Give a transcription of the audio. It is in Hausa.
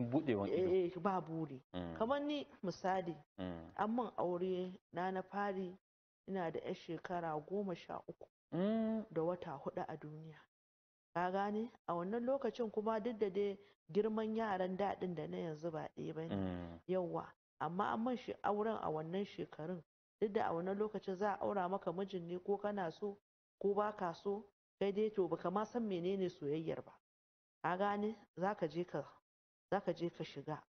buɗe wani ido eh ba buri mm. kamar ni misali amma aure na na fari ina da yan shekara goma sha uku mm. da wata hudu a duniya ka gane a wannan lokacin kuma duk da dai girman yaran daɗin da na yanzu ba ɗaya ba ne mm. yawa amma amman shi auren a wannan shekarun duk da a wannan lokacin za a aura maka mijin ne ko kana so ko ba ka so kai dai to baka ma san menene soyayyar ba a gane za ka je ka ذاك جيك الشجاع